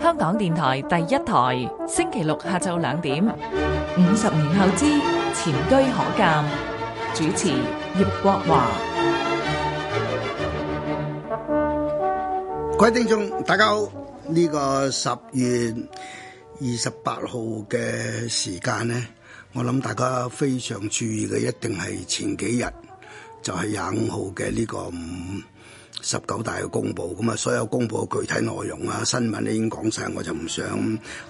香港電台第一台，星期六下晝兩點。五十年後之前車可鑑，主持葉國華。各位聽眾，大家好。呢、這個十月二十八號嘅時間呢，我諗大家非常注意嘅，一定係前幾日，就係廿五號嘅呢個五。嗯十九大嘅公布，咁啊，所有公布嘅具體內容啊，新聞都已經講晒，我就唔想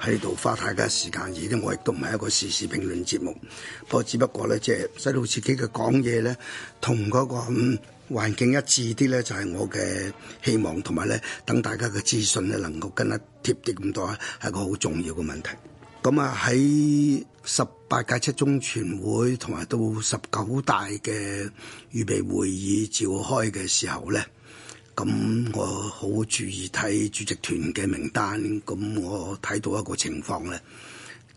喺度花太多時間，而咧，我亦都唔係一個時事，事評論節目，不過只不過咧，即係使到自己嘅講嘢咧，同嗰、那個環境一致啲咧，就係、是、我嘅希望，同埋咧，等大家嘅資訊咧能夠更加貼啲咁多，係一個好重要嘅問題。咁啊，喺十八屆七中全會同埋到十九大嘅預備會議召開嘅時候咧。咁我好注意睇主席團嘅名單，咁我睇到一個情況咧，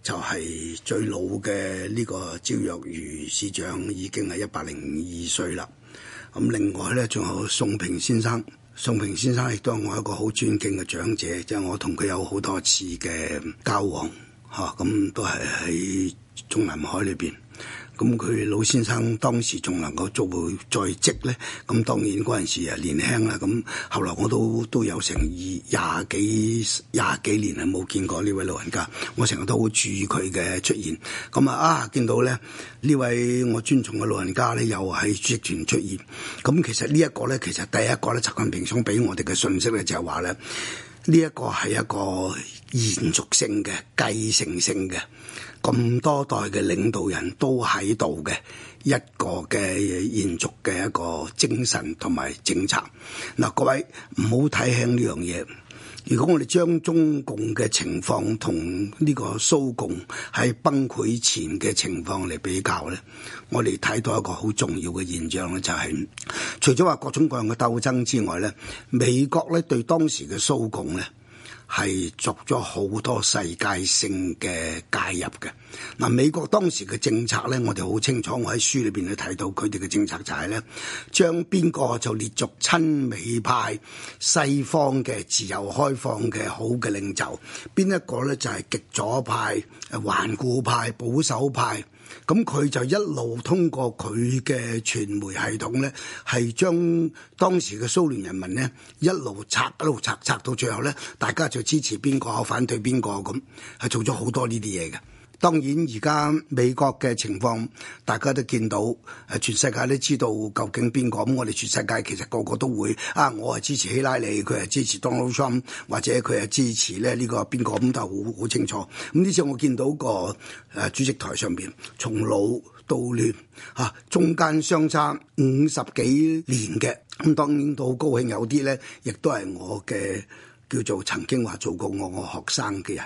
就係、是、最老嘅呢個焦若愚市長已經係一百零二歲啦。咁另外咧，仲有宋平先生，宋平先生亦都係我一個好尊敬嘅長者，即、就、係、是、我同佢有好多次嘅交往，吓，咁都係喺中南海裏邊。咁佢老先生當時仲能夠做回在職咧，咁當然嗰陣時啊年輕啦，咁後來我都都有成二廿幾廿幾年啊冇見過呢位老人家，我成日都好注意佢嘅出現，咁啊啊見到咧呢位我尊重嘅老人家咧又喺主席團出現，咁其實呢一個咧其實第一個咧習近平想俾我哋嘅信息咧就係話咧呢一個係一個延續性嘅繼承性嘅。咁多代嘅領導人都喺度嘅一個嘅延續嘅一個精神同埋政策。嗱、呃，各位唔好睇輕呢樣嘢。如果我哋將中共嘅情況同呢個蘇共喺崩潰前嘅情況嚟比較咧，我哋睇到一個好重要嘅現象咧、就係，就係除咗話各種各樣嘅鬥爭之外咧，美國咧對當時嘅蘇共咧。係作咗好多世界性嘅介入嘅。嗱、啊，美國當時嘅政策咧，我哋好清楚，我喺書裏邊都睇到佢哋嘅政策就係、是、咧，將邊個就列作親美派、西方嘅自由開放嘅好嘅領袖，邊一個咧就係極左派、誒頑固派、保守派。咁佢就一路通過佢嘅傳媒系統呢，係將當時嘅蘇聯人民呢一路拆一路拆，拆到最後呢，大家就支持邊個，反對邊個咁，係做咗好多呢啲嘢嘅。當然，而家美國嘅情況大家都見到，誒全世界都知道究竟邊個咁。我哋全世界其實個個都會啊，我係支持希拉里，佢係支持 Donald Trump，或者佢係支持咧呢個邊個咁，都好好清楚。咁、嗯、呢次我見到個誒主席台上邊，從老到嫩嚇、啊，中間相差五十幾年嘅咁、嗯，當然都好高興。有啲咧，亦都係我嘅叫做曾經話做過我，我學生嘅人。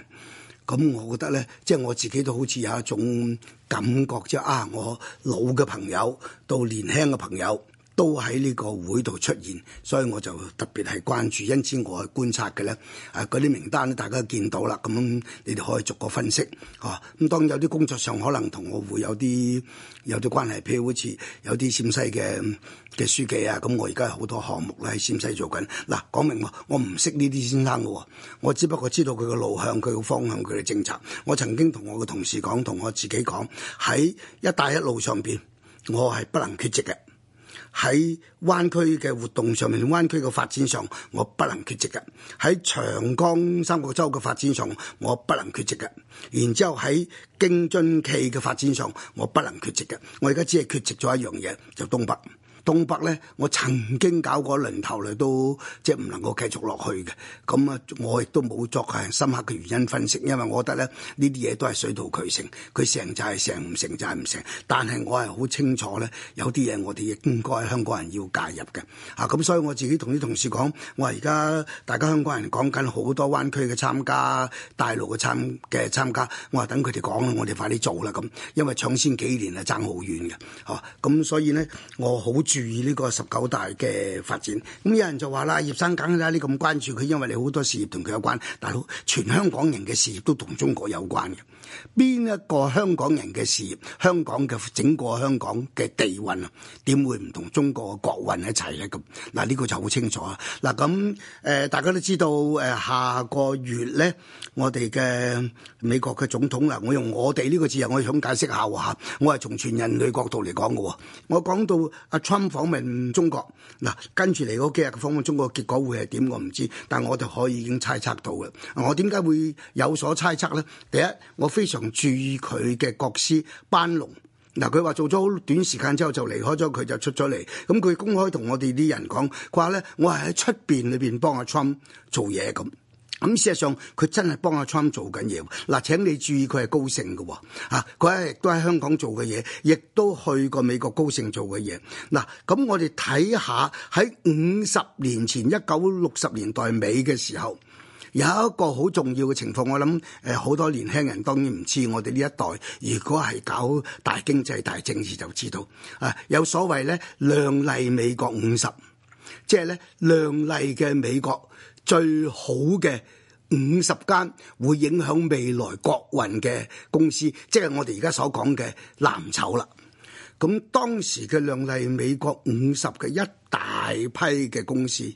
咁我覺得咧，即係我自己都好似有一種感覺，即係啊，我老嘅朋友到年輕嘅朋友。都喺呢個會度出現，所以我就特別係關注。因此我去觀察嘅咧，啊嗰啲名單大家都見到啦。咁你哋可以逐個分析。哦、啊，咁當有啲工作上可能同我會有啲有啲關係，譬如好似有啲陝西嘅嘅書記啊，咁我而家好多項目咧喺陝西做緊。嗱、啊，講明我唔識呢啲先生嘅喎，我只不過知道佢嘅路向、佢嘅方向、佢嘅政策。我曾經同我嘅同事講，同我自己講，喺一帶一路上邊，我係不能缺席嘅。喺灣區嘅活動上面，灣區嘅發展上，我不能缺席嘅；喺長江三角洲嘅發展上，我不能缺席嘅；然之後喺京津冀嘅發展上，我不能缺席嘅。我而家只係缺席咗一樣嘢，就東北。東北咧，我曾經搞過一輪頭嚟，都即係唔能夠繼續落去嘅。咁啊，我亦都冇作係深刻嘅原因分析，因為我覺得咧，呢啲嘢都係水到渠成，佢成就係成，唔成就係唔成。但係我係好清楚咧，有啲嘢我哋亦應該香港人要介入嘅。啊，咁所以我自己同啲同事講，我話而家大家香港人講緊好多灣區嘅參加，大陸嘅參嘅參加，我話等佢哋講，我哋快啲做啦咁，因為搶先幾年係爭好遠嘅。嚇，咁所以咧，我好注意呢個十九大嘅發展，咁、嗯、有人就話啦：葉生梗啦，你咁關注佢，因為你好多事業同佢有關。大佬，全香港人嘅事業都同中國有關嘅，邊一個香港人嘅事業、香港嘅整個香港嘅地運啊，點會唔同中國嘅國運一齊咧？咁嗱，呢、這個就好清楚啊！嗱、咁、呃、誒大家都知道誒、呃、下個月咧，我哋嘅美國嘅總統啦，我用我哋呢個字，我想解釋下喎嚇，我係從全人類角度嚟講嘅，我講到阿、啊訪問中國嗱，跟住嚟嗰幾日訪問中國，啊、中國結果會係點我唔知，但係我就可以已經猜測到嘅。我點解會有所猜測咧？第一，我非常注意佢嘅國師班龍。嗱、啊，佢話做咗好短時間之後就離開咗，佢就出咗嚟。咁、啊、佢公開同我哋啲人講，佢話咧，我係喺出邊裏邊幫阿 Trump 做嘢咁。咁事實上，佢真係幫阿 Trump 做緊嘢。嗱，請你注意，佢係高盛嘅喎，佢係亦都喺香港做嘅嘢，亦都去過美國高盛做嘅嘢。嗱、啊，咁我哋睇下喺五十年前，一九六十年代尾嘅時候，有一個好重要嘅情況。我諗誒，好、呃、多年輕人當然唔知，我哋呢一代如果係搞大經濟、大政治，就知道啊。有所謂咧，亮麗美國五十，即係咧亮麗嘅美國。最好嘅五十間會影響未來國運嘅公司，即係我哋而家所講嘅藍籌啦。咁當時嘅靚麗美國五十嘅一大批嘅公司。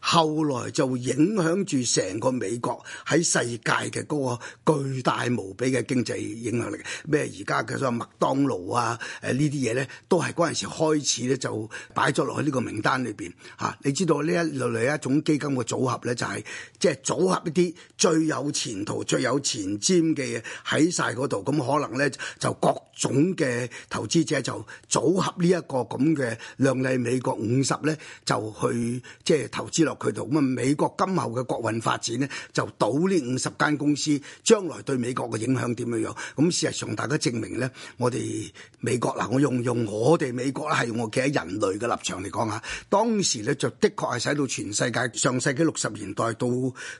後來就影響住成個美國喺世界嘅嗰個巨大無比嘅經濟影響力。咩而家嘅所謂麥當勞啊？誒、呃、呢啲嘢咧，都係嗰陣時開始咧就擺咗落去呢個名單裏邊嚇。你知道呢一類類一種基金嘅組合咧，就係即係組合一啲最有前途、最有前瞻嘅嘢。喺曬嗰度。咁可能咧就各種嘅投資者就組合呢一個咁嘅量利美國五十咧，就去即係、就是、投資落佢度咁啊！美國今後嘅國運發展呢，就倒呢五十間公司，將來對美國嘅影響點樣樣？咁事實上，大家證明咧，我哋美國嗱，我用用我哋美國啦，係我企喺人類嘅立場嚟講嚇。當時咧，就的確係使到全世界上世紀六十年代到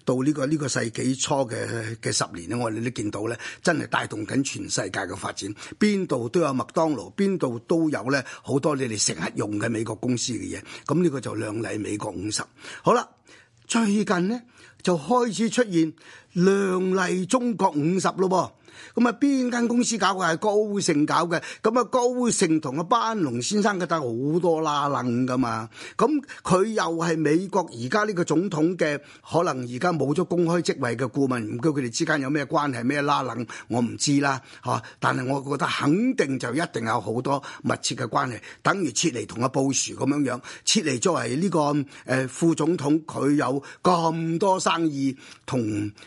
到呢個呢個世紀初嘅嘅十年咧，我哋都見到咧，真係帶動緊全世界嘅發展。邊度都有麥當勞，邊度都有咧好多你哋成日用嘅美國公司嘅嘢。咁呢個就亮禮美國五十。好啦，最近呢，就開始出現亮麗中國五十咯噃。咁啊，邊間、嗯、公司搞嘅係高盛搞嘅，咁啊，高盛同阿班農先生嘅得好多拉楞噶嘛，咁、嗯、佢又係美國而家呢個總統嘅，可能而家冇咗公開職位嘅顧問，唔知佢哋之間有咩關係咩拉楞，我唔知啦吓、啊，但係我覺得肯定就一定有好多密切嘅關係，等於切尼同阿布殊咁樣樣切尼作為呢、這個誒、呃、副總統佢有咁多生意同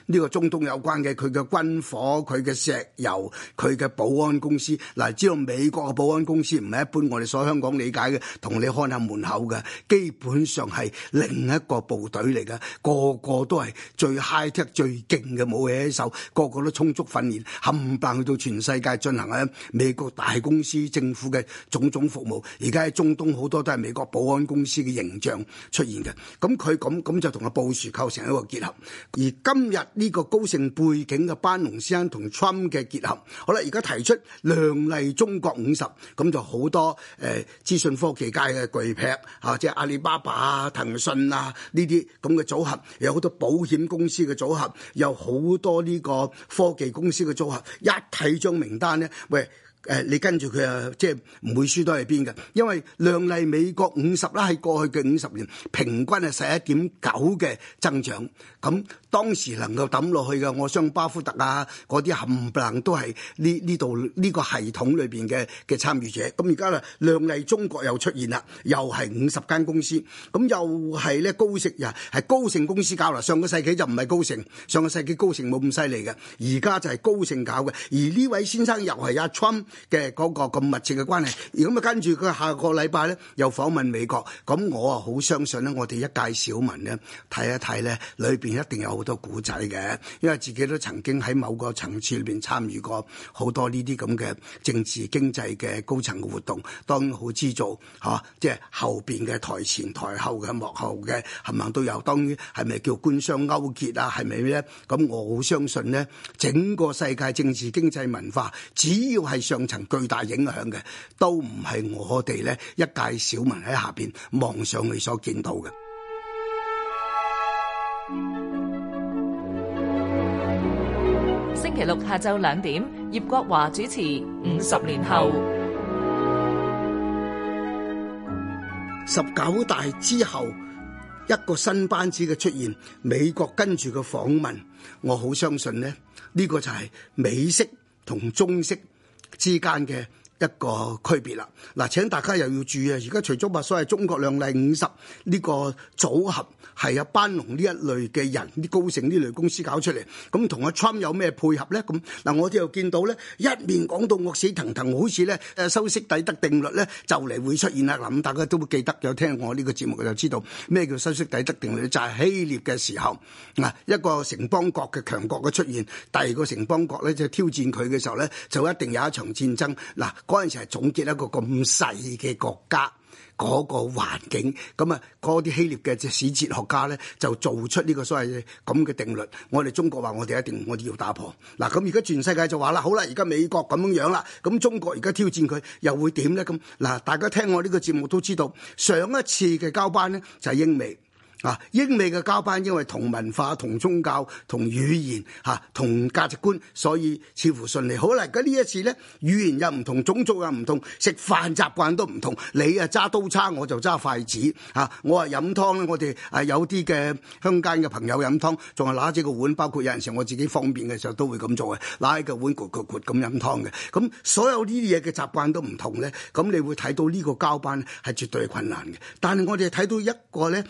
呢個中東有關嘅，佢嘅軍火，佢嘅石。由佢嘅保安公司嗱、啊，知道美國嘅保安公司唔係一般我哋所香港理解嘅，同你看下門口嘅，基本上係另一個部隊嚟嘅，個個都係最 high tech 最勁嘅武器手，個個都充足訓練冚唪去到全世界進行啊美國大公司政府嘅種種服務，而家喺中東好多都係美國保安公司嘅形象出現嘅，咁佢咁咁就同阿布殊構成一個結合，而今日呢個高盛背景嘅班農先生同 Trump 嘅結合，好啦，而家提出量例中國五十，咁就好多誒資訊科技界嘅巨擘，嚇、啊，即係阿里巴巴啊、騰訊啊呢啲咁嘅組合，有好多保險公司嘅組合，有好多呢個科技公司嘅組合，一睇張名單咧，喂！誒、呃，你跟住佢啊，即係唔會輸到喺邊嘅，因為亮麗美國五十啦，係過去嘅五十年平均係十一點九嘅增長。咁當時能夠抌落去嘅，我想巴夫特啊嗰啲冚唪唥都係呢呢度呢個系統裏邊嘅嘅參與者。咁而家咧亮麗中國又出現啦，又係五十間公司，咁又係咧高盛啊，係高盛公司搞啦。上個世紀就唔係高盛，上個世紀高盛冇咁犀利嘅，而家就係高盛搞嘅。而呢位先生又係阿 Trump。嘅嗰個咁密切嘅關係，如果咪跟住佢下個禮拜咧又訪問美國，咁我啊好相信咧，我哋一介小民咧睇一睇咧，裏邊一定有好多古仔嘅，因為自己都曾經喺某個層次裏邊參與過好多呢啲咁嘅政治經濟嘅高層嘅活動，當然好知做嚇，即係後邊嘅台前台後嘅幕後嘅，冚唪唥都有。當然係咪叫官商勾結啊？係咪咧？咁我好相信咧，整個世界政治經濟文化，只要係上層巨大影響嘅，都唔係我哋咧一介小民喺下邊望上去所見到嘅。星期六下晝兩點，葉國華主持《五十年後》。十九大之後一個新班子嘅出現，美國跟住嘅訪問，我好相信咧，呢個就係美式同中式之間嘅。一個區別啦，嗱，請大家又要注意啊！而家除咗話所謂中國亮麗五十呢個組合，係阿班農呢一類嘅人，啲高盛呢類公司搞出嚟，咁同阿 Trump 有咩配合咧？咁嗱，我哋又見到咧，一面講到惡死騰騰，好似咧修昔底德定律咧，就嚟會出現啦。嗱，咁大家都會記得，有聽我呢個節目就知道咩叫修昔底德定律，就係希臘嘅時候嗱，一個城邦國嘅強國嘅出現，第二個城邦國咧就挑戰佢嘅時候咧，就一定有一場戰爭嗱。嗰陣時係總結一個咁細嘅國家嗰個環境，咁啊嗰啲希臘嘅史哲學家咧就做出呢個所謂咁嘅定律。我哋中國話我哋一定我哋要打破。嗱，咁而家全世界就話啦，好啦，而家美國咁樣樣啦，咁中國而家挑戰佢又會點咧？咁嗱，大家聽我呢個節目都知道，上一次嘅交班咧就係英美。啊，英美嘅交班，因為同文化、同宗教、同語言嚇、同價值觀，所以似乎順利好。好啦，而家呢一次咧，語言又唔同，種族又唔同，食飯習慣都唔同。你啊揸刀叉，我就揸筷子吓、啊。我話飲湯咧，我哋啊有啲嘅鄉間嘅朋友飲湯，仲係攞住個碗。包括有陣時我自己方便嘅時候都會咁做嘅，攞起個碗潑潑潑咁飲湯嘅。咁所有呢啲嘢嘅習慣都唔同咧，咁你會睇到呢個交班係絕對係困難嘅。但係我哋睇到一個咧.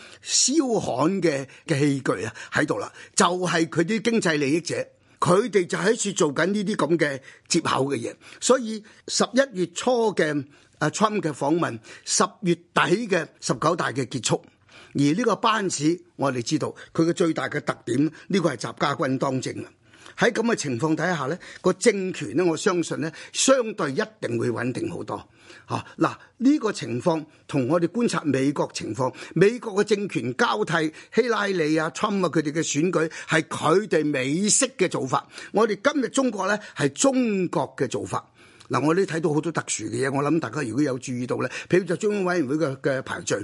彪悍嘅嘅器具啊喺度啦，就係佢啲經濟利益者，佢哋就喺處做緊呢啲咁嘅接口嘅嘢，所以十一月初嘅阿 Trump 嘅訪問，十月底嘅十九大嘅結束，而呢個班子我哋知道佢嘅最大嘅特點呢個係習家軍當政。喺咁嘅情況底下呢個政權咧，我相信呢，相對一定會穩定好多嚇。嗱、啊，呢、這個情況同我哋觀察美國情況，美國嘅政權交替，希拉里啊，侵啊，佢哋嘅選舉係佢哋美式嘅做法。我哋今日中國呢，係中國嘅做法。嗱、啊，我哋睇到好多特殊嘅嘢，我諗大家如果有注意到呢，譬如就中央委員會嘅嘅排序，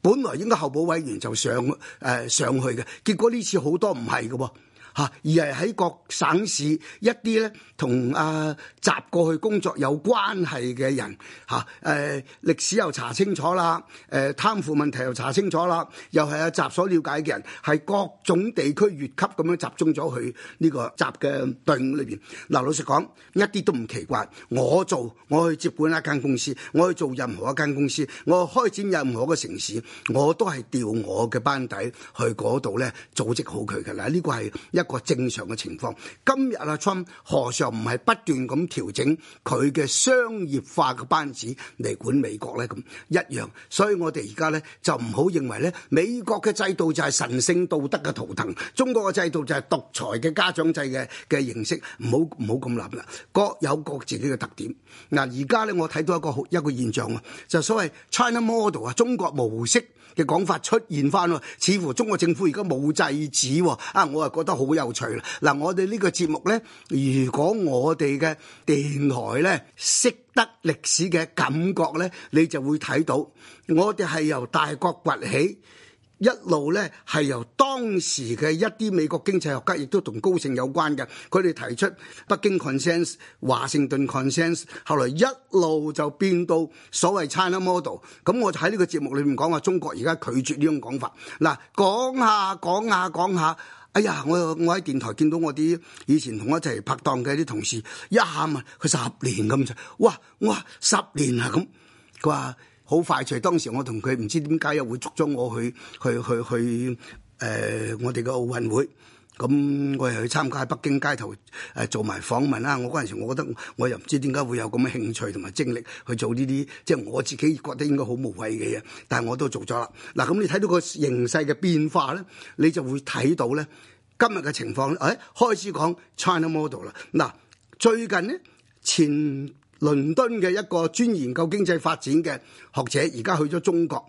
本來應該候補委員就上誒、呃、上去嘅，結果呢次好多唔係嘅喎。而係喺各省市一啲咧同阿習過去工作有關係嘅人吓誒，歷史又查清楚啦。誒、啊、貪腐問題又查清楚啦，又係阿習所了解嘅人，係各種地區越級咁樣集中咗去呢個習嘅隊伍裏邊嗱、啊，老實講一啲都唔奇怪。我做，我去接管一間公司，我去做任何一間公司，我開展任何一個城市，我都係調我嘅班底去嗰度咧，組織好佢嘅。嗱，呢個係，一個正常嘅情況，今日阿春何嘗唔係不斷咁調整佢嘅商業化嘅班子嚟管美國呢？咁一樣，所以我哋而家呢就唔好認為呢美國嘅制度就係神聖道德嘅圖騰，中國嘅制度就係獨裁嘅家長制嘅嘅形式，唔好唔好咁諗啦，各有各自己嘅特點。嗱，而家呢我睇到一個好一個現象啊，就所謂 China model 啊，中國模式嘅講法出現翻咯，似乎中國政府而家冇制止，啊，我啊覺得好。有趣啦！嗱，我哋呢個節目咧，如果我哋嘅電台咧識得歷史嘅感覺咧，你就會睇到，我哋係由大國崛起一路咧係由當時嘅一啲美國經濟學家，亦都同高盛有關嘅，佢哋提出北京 consensus、華盛頓 consensus，後來一路就變到所謂 China model。咁我就喺呢個節目裏面講話，中國而家拒絕呢種講法。嗱，講下講下講下。哎呀！我我喺電台見到我啲以前同我一齊拍檔嘅啲同事，一喊啊，佢十年咁就，哇哇十年啊咁，佢話好快脆。當時我同佢唔知點解又會捉咗我去去去去誒、呃，我哋嘅奧運會。咁我係去參加喺北京街頭誒、呃、做埋訪問啦。我嗰陣時，我覺得我又唔知點解會有咁嘅興趣同埋精力去做呢啲，即、就、係、是、我自己覺得應該好無謂嘅嘢，但係我都做咗啦。嗱，咁你睇到個形勢嘅變化咧，你就會睇到咧今日嘅情況咧。誒、哎，開始講 China model 啦。嗱，最近呢，前倫敦嘅一個專研究經濟發展嘅學者，而家去咗中國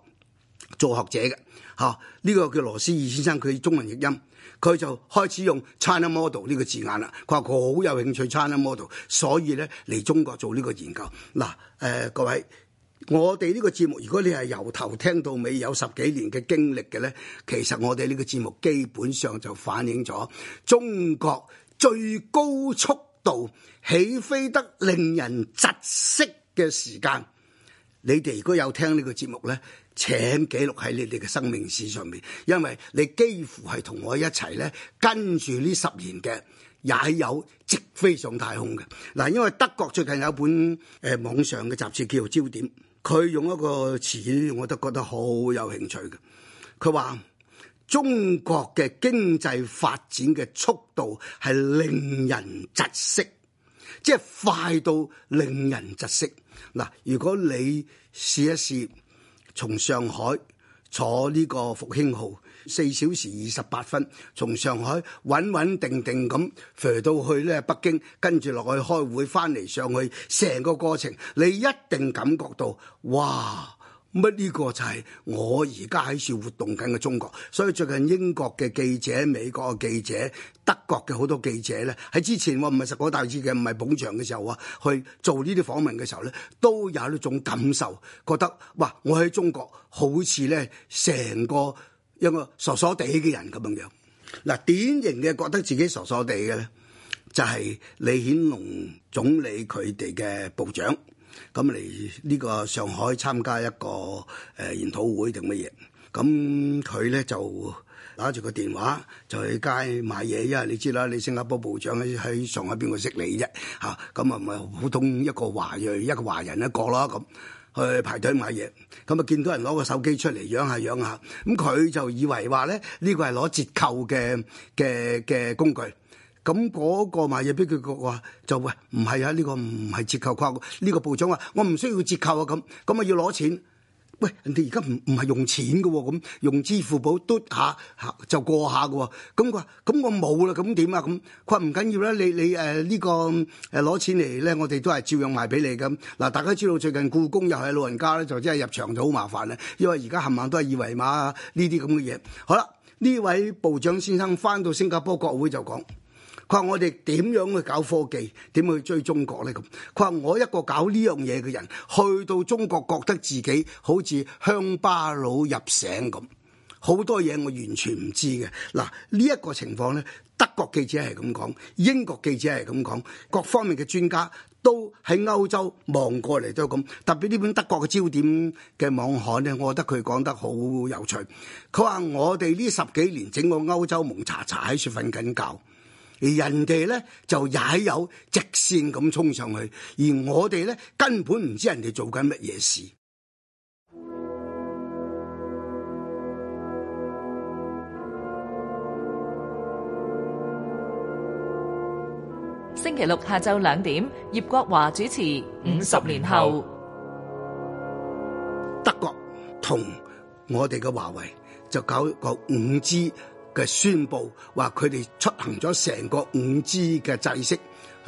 做學者嘅，嚇、啊、呢、這個叫羅思義先生，佢中文譯音。佢就開始用 China model 呢個字眼啦，佢話佢好有興趣 China model，所以咧嚟中國做呢個研究。嗱、呃，誒各位，我哋呢個節目如果你係由頭聽到尾有十幾年嘅經歷嘅咧，其實我哋呢個節目基本上就反映咗中國最高速度起飛得令人窒息嘅時間。你哋如果有聽呢個節目呢，請記錄喺你哋嘅生命史上面，因為你幾乎係同我一齊呢。跟住呢十年嘅，也有直飛上太空嘅。嗱，因為德國最近有一本誒、呃、網上嘅雜誌叫焦點，佢用一個詞我都覺得好有興趣嘅，佢話中國嘅經濟發展嘅速度係令人窒息。即係快到令人窒息嗱！如果你試一試從上海坐呢個復興號四小時二十八分，從上海穩穩定定咁飛到去呢北京，跟住落去開會，翻嚟上去，成個過程你一定感覺到哇！乜呢個就係我而家喺處活動緊嘅中國，所以最近英國嘅記者、美國嘅記者、德國嘅好多記者咧，喺之前我唔係十九大嘅，唔係捧場嘅時候啊，去做呢啲訪問嘅時候咧，都有呢種感受，覺得哇，我喺中國好似咧成個一個傻傻地嘅人咁樣樣。嗱，典型嘅覺得自己傻傻地嘅咧，就係李顯龍總理佢哋嘅部長。咁嚟呢個上海參加一個誒、呃、研討會定乜嘢？咁佢咧就攞住個電話就去街買嘢，因為你知啦，你新加坡部長喺喺上海邊個識你啫嚇？咁啊，唔係普通一個華裔一個華人一個啦咁，去排隊買嘢。咁啊，見到人攞個手機出嚟，養下養下，咁佢就以為話咧呢個係攞折扣嘅嘅嘅工具。咁嗰個賣嘢俾佢個話就，喂唔係啊，呢個唔係折扣價，呢、這個部長話我唔需要折扣啊，咁，咁啊要攞錢。喂，人哋而家唔唔係用錢噶，咁、啊，用支付寶嘟下就過下噶、啊。咁佢話咁我冇啦，咁點啊咁？佢話唔緊要啦，你你誒呢、呃這個誒攞、呃、錢嚟咧，我哋都係照樣賣俾你咁。嗱，大家知道最近故宮又係老人家咧，就真係入場就好麻煩啦，因為而家冚唪唥都係二維碼呢啲咁嘅嘢。好啦，呢位部長先生翻到新加坡國會就講。佢話我哋點樣去搞科技？點去追中國呢？咁佢話我一個搞呢樣嘢嘅人，去到中國覺得自己好似鄉巴佬入省咁，好多嘢我完全唔知嘅。嗱呢一個情況呢，德國記者係咁講，英國記者係咁講，各方面嘅專家都喺歐洲望過嚟都咁。特別呢本德國嘅焦點嘅網刊呢，我覺得佢講得好有趣。佢話我哋呢十幾年整個歐洲蒙查查喺處瞓緊覺。而人哋咧就也有直線咁衝上去，而我哋咧根本唔知人哋做緊乜嘢事。星期六下晝兩點，葉國華主持《五十年後》。德國同我哋嘅華為就搞一個五 G。宣布話佢哋出行咗成個五 G 嘅制式，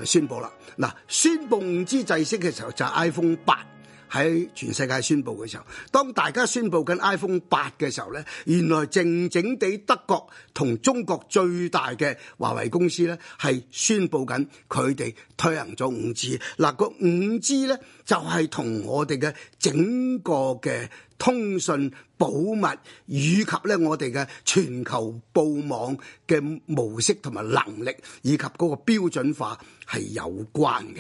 宣布啦。嗱，宣布五 G 制式嘅時候就係 iPhone 八。喺全世界宣布嘅時候，當大家宣布緊 iPhone 八嘅時候咧，原來靜靜地德國同中國最大嘅華為公司咧，係宣布緊佢哋推行咗五 G。嗱、那個，個五 G 咧就係、是、同我哋嘅整個嘅通訊保密以及咧我哋嘅全球布網嘅模式同埋能力以及嗰個標準化係有關嘅。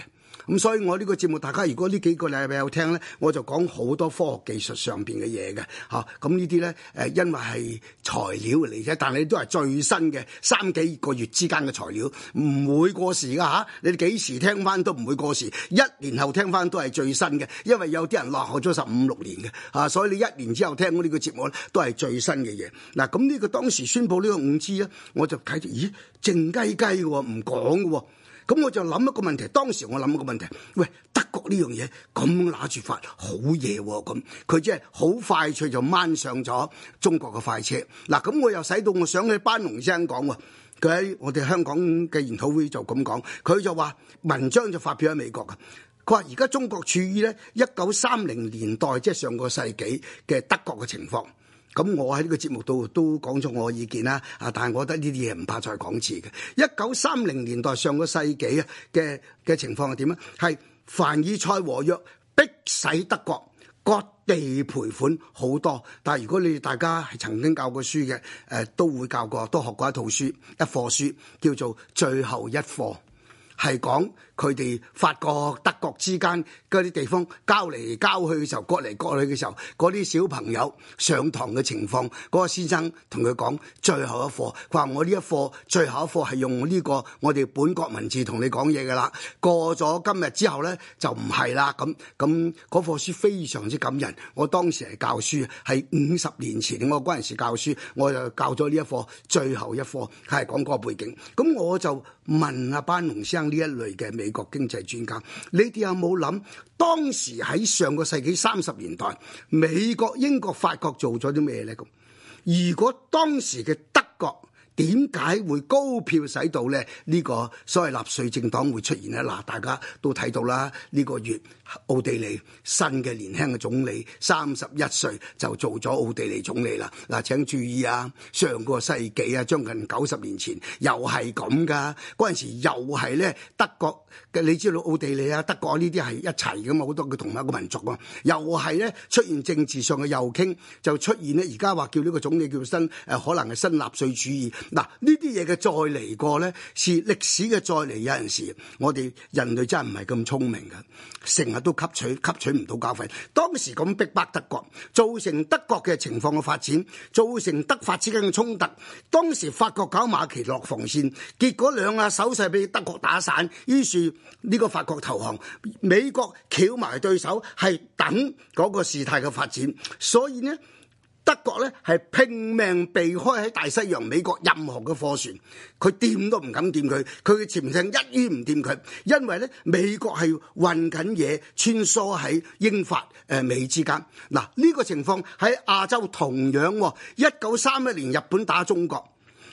咁所以，我呢個節目，大家如果呢幾個禮拜有聽呢，我就講好多科學技術上邊嘅嘢嘅嚇。咁、啊、呢啲呢，誒，因為係材料嚟啫，但係都係最新嘅三幾個月之間嘅材料，唔會過時噶嚇、啊。你幾時聽翻都唔會過時，一年後聽翻都係最新嘅，因為有啲人落後咗十五六年嘅嚇、啊，所以你一年之後聽我呢個節目都係最新嘅嘢。嗱、啊，咁呢、呢個當時宣佈呢個五 G 呢，我就睇住，咦，靜雞雞嘅、哦、喎，唔講嘅喎。咁我就諗一個問題，當時我諗一個問題，喂，德國呢樣嘢咁拿住發好嘢喎，咁佢即係好快脆就掹上咗中國嘅快車。嗱、啊，咁我又使到我想起班農先生講喎，佢喺我哋香港嘅研討會就咁講，佢就話文章就發表喺美國嘅，佢話而家中國處於咧一九三零年代，即係上個世紀嘅德國嘅情況。咁我喺呢個節目度都講咗我嘅意見啦，啊！但係我覺得呢啲嘢唔怕再講一次嘅。一九三零年代上個世紀嘅嘅情況係點啊？係凡爾賽和約逼使德國割地賠款好多，但係如果你哋大家係曾經教過書嘅，誒、呃、都會教過，都學過一套書一課書叫做《最後一課》。係講佢哋法國、德國之間嗰啲地方交嚟交去嘅時候，割嚟割去嘅時候，嗰啲小朋友上堂嘅情況，嗰、嗰個先生同佢講最後一課，佢話我呢一課最後一課係用呢、呢個我哋本國文字同你講嘢噶啦，過咗今日之後呢，就唔係啦。咁咁嗰課書非常之感人。我當時嚟教書係五十年前，我嗰陣時教書，我就教咗呢一課最後一課，係講嗰個背景。咁我就。問阿班農商呢一類嘅美國經濟專家，你哋有冇諗當時喺上個世紀三十年代，美國、英國、法國做咗啲咩呢？咁如果當時嘅德國點解會高票使到咧？呢個所謂納粹政黨會出現呢？嗱，大家都睇到啦，呢個月。奧地利新嘅年輕嘅總理，三十一歲就做咗奧地利總理啦。嗱，請注意啊，上個世紀啊，將近九十年前又係咁噶，嗰陣時又係咧德國嘅，你知道奧地利啊、德國呢啲係一齊噶嘛，好多嘅同一個民族啊，又係咧出現政治上嘅右傾，就出現呢。而家話叫呢個總理叫新誒，可能係新納粹主義。嗱，呢啲嘢嘅再嚟過咧，是歷史嘅再嚟，有陣時我哋人類真係唔係咁聰明㗎，成日。都吸取吸取唔到教訓，當時咁逼迫德國，造成德國嘅情況嘅發展，造成德法之間嘅衝突。當時法國搞馬奇諾防線，結果兩下手勢被德國打散，於是呢個法國投降。美國撬埋對手，係等嗰個事態嘅發展，所以呢。德國呢係拼命避開喺大西洋美國任何嘅貨船，佢掂都唔敢掂佢，佢嘅潛艇一於唔掂佢，因為呢美國係運緊嘢穿梭喺英法誒美之間。嗱呢個情況喺亞洲同樣，一九三一年日本打中國，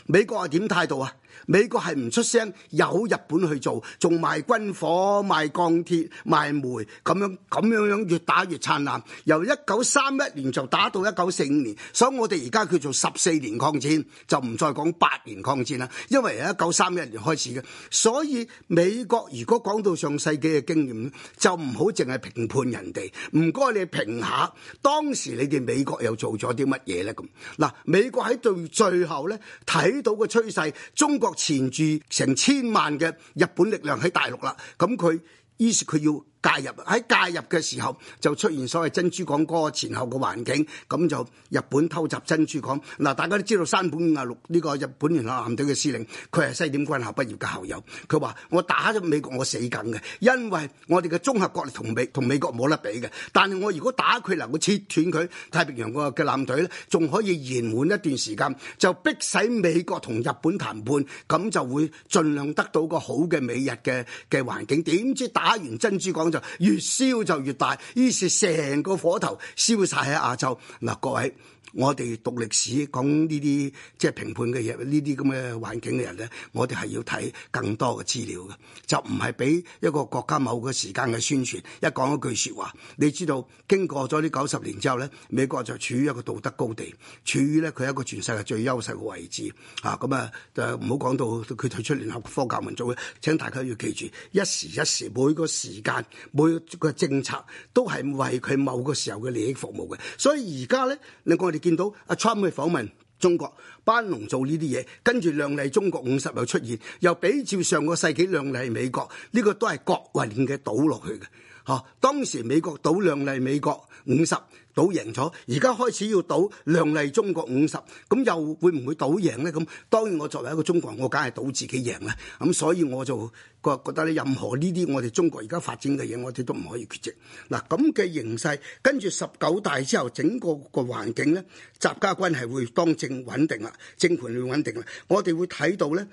美國係點態度啊？美國係唔出聲，由日本去做，仲賣軍火、賣鋼鐵、賣煤咁樣咁樣樣，越打越燦爛，由一九三一年就打到一九四五年，所以我哋而家叫做十四年抗戰，就唔再講八年抗戰啦，因為一九三一年開始嘅。所以美國如果講到上世紀嘅經驗，就唔好淨係評判人哋，唔該你評下當時你哋美國又做咗啲乜嘢呢？咁嗱，美國喺最最後呢睇到嘅趨勢，中國。纏住成千萬嘅日本力量喺大陸啦，咁佢於是佢要。介入喺介入嘅時候就出現所謂珍珠港嗰個前後嘅環境，咁就日本偷襲珍珠港。嗱，大家都知道山本五十六呢個日本聯合艦隊嘅司令，佢係西點軍校畢業嘅校友。佢話我打咗美國我死梗嘅，因為我哋嘅綜合國力同美同美國冇得比嘅。但係我如果打佢，能夠切斷佢太平洋個嘅艦隊咧，仲可以延緩一段時間，就逼使美國同日本談判，咁就會盡量得到個好嘅美日嘅嘅環境。點知打完珍珠港，越燒就越大，於是成個火頭燒晒喺亞洲。嗱，各位。我哋讀歷史講呢啲即係評判嘅嘢，呢啲咁嘅環境嘅人咧，我哋係要睇更多嘅資料嘅，就唔係俾一個國家某個時間嘅宣傳。一講一句說話，你知道經過咗呢九十年之後咧，美國就處於一個道德高地，處於咧佢係一個全世界最優勢嘅位置。啊，咁啊，就唔好講到佢退出聯合科教民族嘅。請大家要記住，一時一時每個時間每個政策都係為佢某個時候嘅利益服務嘅。所以而家咧，令我哋。見到阿 Trump 去訪問中國，班農做呢啲嘢，跟住亮麗中國五十又出現，又比照上個世紀亮麗美國，呢、這個都係國運嘅倒落去嘅。嚇、啊，當時美國倒亮麗美國五十。賭贏咗，而家開始要賭亮麗中國五十，咁又會唔會賭贏呢？咁當然，我作為一個中國人，我梗係賭自己贏啦。咁所以我就覺覺得咧，任何呢啲我哋中國而家發展嘅嘢，我哋都唔可以缺席。嗱，咁嘅形勢跟住十九大之後，整個個環境呢，習家軍係會當政穩定啦，政權會穩定啦。我哋會睇到呢，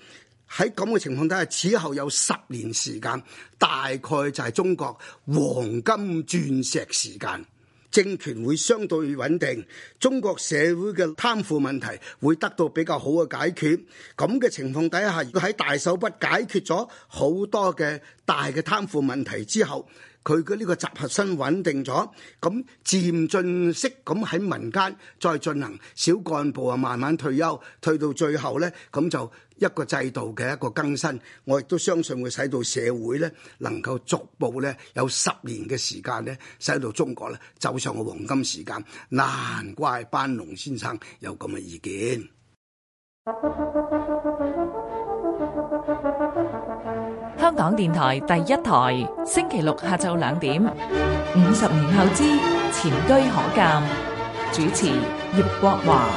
喺咁嘅情況底下，此後有十年時間，大概就係中國黃金鑽石時間。政權會相對穩定，中國社會嘅貪腐問題會得到比較好嘅解決。咁嘅情況底下，如果喺大手筆解決咗好多嘅大嘅貪腐問題之後，佢嘅呢個集合身穩定咗，咁漸進式咁喺民間再進行，小幹部啊慢慢退休，退到最後呢，咁就一個制度嘅一個更新。我亦都相信會使到社會呢能夠逐步呢有十年嘅時間呢，使到中國呢走上個黃金時間。難怪班龍先生有咁嘅意見。港電台第一台，星期六下晝兩點。五十年後之前車可鑑，主持葉國華。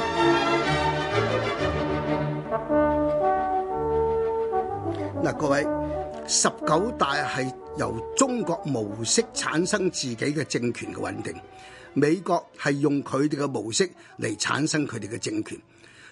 嗱，各位，十九大係由中國模式產生自己嘅政權嘅穩定，美國係用佢哋嘅模式嚟產生佢哋嘅政權，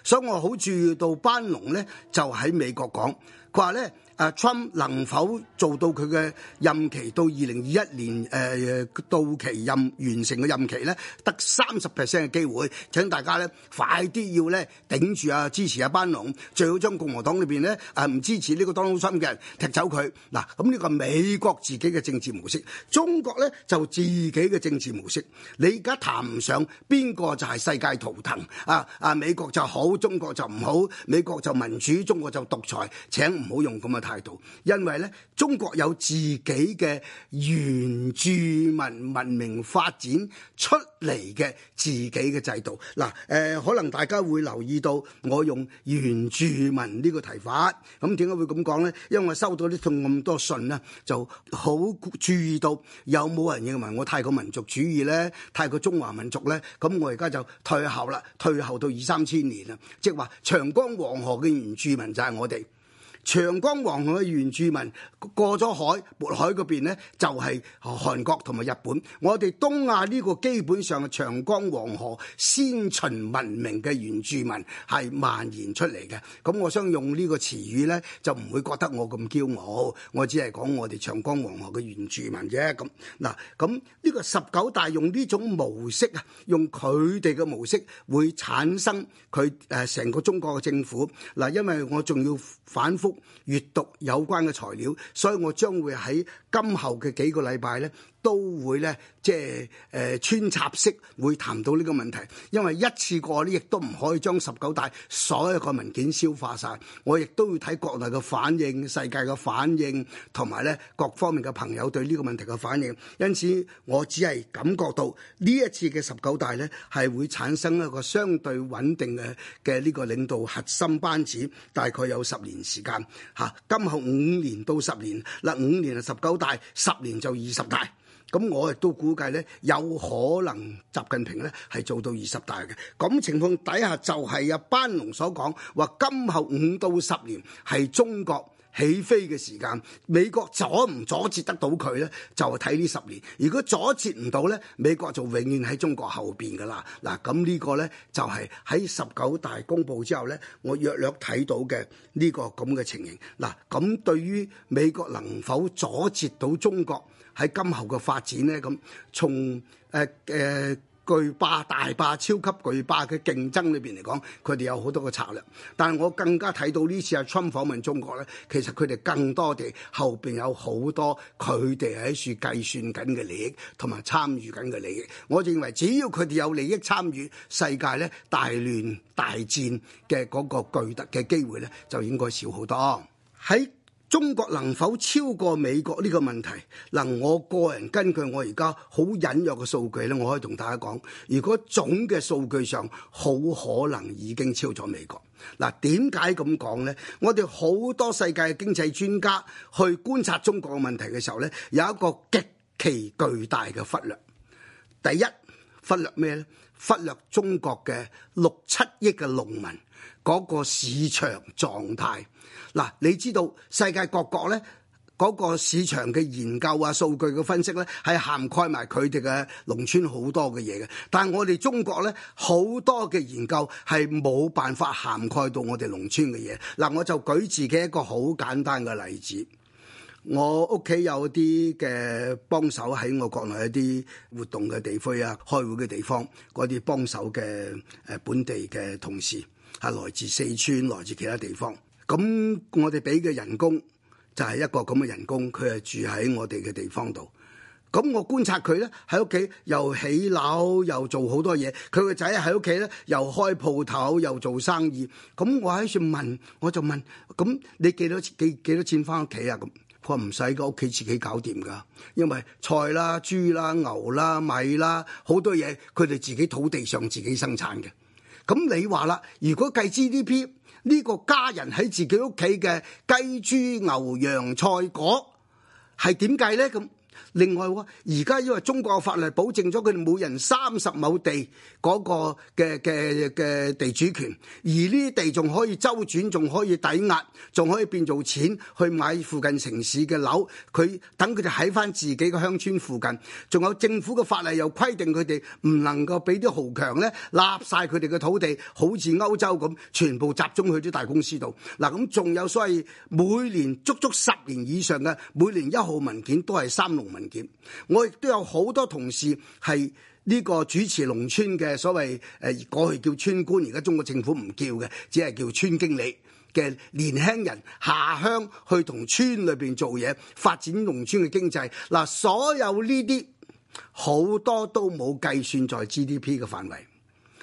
所以我好注意到班農咧就喺美國講。話咧，阿 Trump 能否做到佢嘅任期到二零二一年？誒、呃、到期任完成嘅任期咧，得三十 percent 嘅機會。請大家咧快啲要咧頂住啊，支持阿、啊、班農，最好將共和黨裏邊咧誒唔支持呢個 Donald Trump 嘅人踢走佢。嗱，咁呢個美國自己嘅政治模式，中國咧就自己嘅政治模式。你而家談唔上邊個就係世界圖騰啊！啊，美國就好，中國就唔好，美國就民主，中國就獨裁。請唔好用咁嘅態度，因為咧，中國有自己嘅原住民文明發展出嚟嘅自己嘅制度。嗱，誒、呃，可能大家會留意到，我用原住民呢個提法，咁點解會咁講呢？因為我收到呢咁咁多信呢，就好注意到有冇人認為我太過民族主義呢，太過中華民族呢？咁我而家就退後啦，退後到二三千年啦，即係話長江黃河嘅原住民就係我哋。長江黃河嘅原住民過咗海，渤海嗰邊呢就係韓國同埋日本。我哋東亞呢個基本上係長江黃河先秦文明嘅原住民係蔓延出嚟嘅。咁我想用呢個詞語呢，就唔會覺得我咁驕傲。我只係講我哋長江黃河嘅原住民啫。咁嗱，咁呢個十九大用呢種模式啊，用佢哋嘅模式會產生佢誒成個中國嘅政府嗱，因為我仲要反覆。閱讀有關嘅材料，所以我將會喺今後嘅幾個禮拜咧。都會咧，即係誒、呃、穿插式會談到呢個問題，因為一次過呢亦都唔可以將十九大所有個文件消化晒。我亦都要睇國內嘅反應、世界嘅反應，同埋咧各方面嘅朋友對呢個問題嘅反應。因此，我只係感覺到呢一次嘅十九大咧，係會產生一個相對穩定嘅嘅呢個領導核心班子，大概有十年時間嚇。今後五年到十年，嗱，五年係十九大，十年就二十大。咁我亦都估計咧，有可能習近平咧係做到二十大嘅，咁情況底下，就係、是、阿、啊、班農所講話，說今後五到十年係中國。起飛嘅時間，美國阻唔阻截得到佢呢？就睇呢十年。如果阻截唔到呢，美國就永遠喺中國後邊噶啦。嗱，咁呢個呢，就係、是、喺十九大公佈之後呢，我略略睇到嘅呢個咁嘅情形。嗱，咁對於美國能否阻截到中國喺今後嘅發展呢？咁從誒誒。呃呃巨霸、大霸、超級巨霸嘅競爭裏邊嚟講，佢哋有好多個策略。但係我更加睇到呢次阿春訪問中國咧，其實，佢哋更多地後邊有好多佢哋喺處計算緊嘅利益，同埋參與緊嘅利益。我認為只要佢哋有利益參與世界咧，大亂大戰嘅嗰個巨特嘅機會咧，就應該少好多。喺中國能否超過美國呢個問題，嗱，我個人根據我而家好隱約嘅數據咧，我可以同大家講，如果總嘅數據上，好可能已經超咗美國。嗱、啊，點解咁講呢？我哋好多世界經濟專家去觀察中國嘅問題嘅時候呢，有一個極其巨大嘅忽略。第一，忽略咩呢？忽略中國嘅六七億嘅農民嗰個市場狀態，嗱，你知道世界各國呢嗰個市場嘅研究啊、數據嘅分析呢，係涵蓋埋佢哋嘅農村好多嘅嘢嘅，但係我哋中國呢，好多嘅研究係冇辦法涵蓋到我哋農村嘅嘢。嗱，我就舉自己一個好簡單嘅例子。我屋企有啲嘅幫手喺我國內一啲活動嘅地方啊，開會嘅地方嗰啲幫手嘅誒、呃、本地嘅同事係、啊、來自四川，來自其他地方。咁我哋俾嘅人工就係一個咁嘅人工，佢、就、係、是、住喺我哋嘅地方度。咁我觀察佢咧喺屋企又起樓，又做好多嘢。佢個仔喺屋企咧又開鋪頭，又做生意。咁我喺處問，我就問：咁你幾多錢？幾多錢？返屋企啊？咁。佢唔使個屋企自己搞掂噶，因為菜啦、豬啦、牛啦、米啦好多嘢，佢哋自己土地上自己生產嘅。咁你話啦，如果計 GDP 呢個家人喺自己屋企嘅雞、豬、牛、羊、菜、果係點計咧？咁？另外喎，而家因為中國嘅法律保證咗佢哋每人三十畝地嗰個嘅嘅嘅地主權，而呢啲地仲可以周轉，仲可以抵押，仲可以變做錢去買附近城市嘅樓，佢等佢哋喺翻自己嘅鄉村附近，仲有政府嘅法例又規定佢哋唔能夠俾啲豪強咧納晒佢哋嘅土地，好似歐洲咁全部集中去啲大公司度。嗱，咁仲有所謂每年足足十年以上嘅每年一號文件都係三農，文件，我亦都有好多同事係呢個主持農村嘅所謂誒、呃，過去叫村官，而家中國政府唔叫嘅，只係叫村經理嘅年輕人下鄉去同村裏邊做嘢，發展農村嘅經濟嗱、呃。所有呢啲好多都冇計算在 GDP 嘅範圍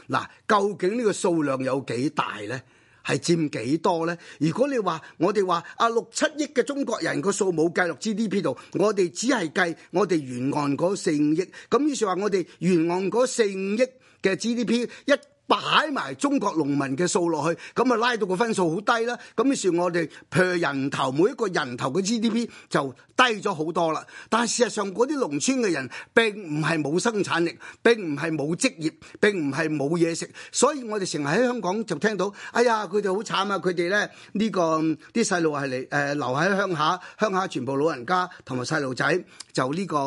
嗱、呃，究竟呢個數量有幾大呢？係佔幾多咧？如果你話我哋話啊六七億嘅中國人個數冇計落 GDP 度，我哋只係計我哋沿岸嗰四五億，咁於是話我哋沿岸嗰四五億嘅 GDP 一。擺埋中國農民嘅數落去，咁啊拉到個分數好低啦，咁算我哋 per 人頭每一個人頭嘅 GDP 就低咗好多啦。但係事實上嗰啲農村嘅人並唔係冇生產力，並唔係冇職業，並唔係冇嘢食。所以我哋成日喺香港就聽到，哎呀佢哋好慘啊！佢哋呢，呢個」呢個啲細路係嚟誒留喺鄉下，鄉下全部老人家同埋細路仔就呢、呢個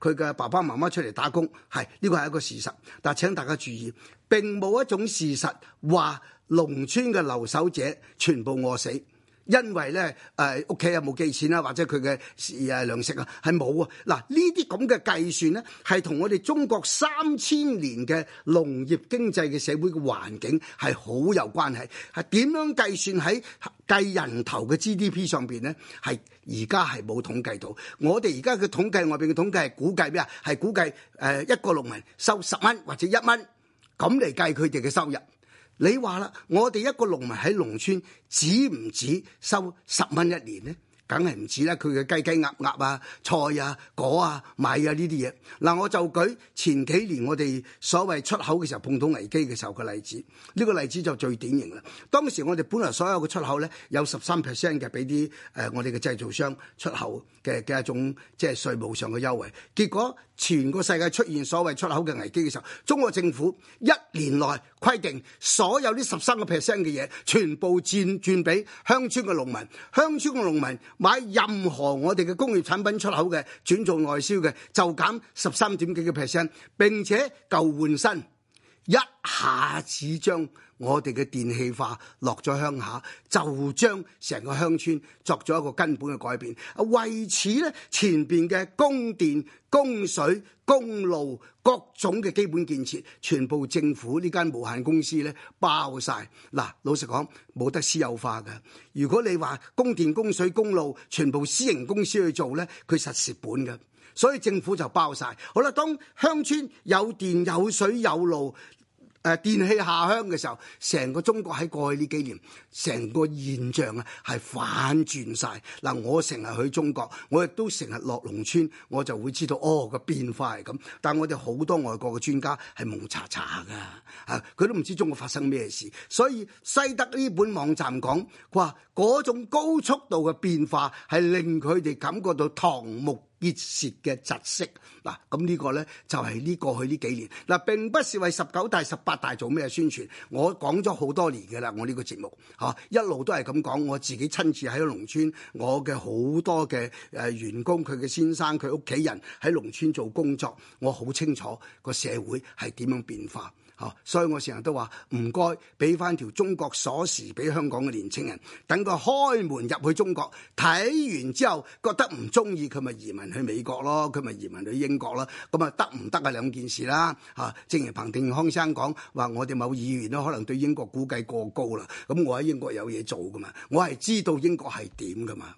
佢嘅爸爸媽媽出嚟打工，係呢個係一個事實。但係請大家注意。並冇一種事實話農村嘅留守者全部餓死，因為咧誒屋企有冇寄錢啦，或者佢嘅誒糧食啊係冇啊。嗱呢啲咁嘅計算咧，係同我哋中國三千年嘅農業經濟嘅社會嘅環境係好有關係。係點樣計算喺計人頭嘅 GDP 上邊咧？係而家係冇統計到。我哋而家嘅統計，外邊嘅統計係估計咩啊？係估計誒一個農民收十蚊或者一蚊，咁嚟計佢哋嘅收入，你話啦，我哋一個農民喺農村只唔止收十蚊一年咧。梗係唔止啦，佢嘅雞雞鴨鴨啊、菜啊、果啊、米啊呢啲嘢。嗱，我就舉前幾年我哋所謂出口嘅時候碰到危機嘅時候嘅例子。呢個例子就最典型啦。當時我哋本來所有嘅出口呢，有十三 percent 嘅俾啲誒我哋嘅製造商出口嘅嘅一種即係稅務上嘅優惠。結果全個世界出現所謂出口嘅危機嘅時候，中國政府一年內規定所有呢十三個 percent 嘅嘢全部轉轉俾鄉村嘅農民，鄉村嘅農民。買任何我哋嘅工業產品出口嘅，轉做內銷嘅，就減十三點幾個 percent，並且舊換新。一下子將我哋嘅電氣化落咗鄉下，就將成個鄉村作咗一個根本嘅改變。為此呢，前邊嘅供電、供水、公路各種嘅基本建設，全部政府呢間無限公司呢包晒。嗱，老實講，冇得私有化嘅。如果你話供電、供水、公路全部私營公司去做呢，佢實蝕本嘅。所以政府就包晒好啦。當鄉村有電、有水有路，誒電器下鄉嘅時候，成個中國喺過去呢幾年，成個現象啊係反轉晒。嗱，我成日去中國，我亦都成日落農村，我就會知道哦個變化係咁。但係我哋好多外國嘅專家係蒙查查㗎，啊佢都唔知中國發生咩事。所以西德呢本網站講話嗰種高速度嘅變化係令佢哋感覺到瞠目。熱舌嘅窒息嗱，咁呢個呢，就係呢過去呢幾年嗱，並不是為十九大，十八大做咩宣傳。我講咗好多年嘅啦，我呢個節目嚇、啊、一路都係咁講。我自己親自喺農村，我嘅好多嘅誒員工佢嘅先生佢屋企人喺農村做工作，我好清楚個社會係點樣變化。哦、所以我成日都話唔該俾翻條中國鎖匙俾香港嘅年青人，等佢開門入去中國睇完之後，覺得唔中意佢咪移民去美國咯，佢咪移民去英國咯，咁啊得唔得啊，兩件事啦。啊，正如彭定康生講話，我哋某議員都可能對英國估計過高啦，咁我喺英國有嘢做噶嘛，我係知道英國係點噶嘛。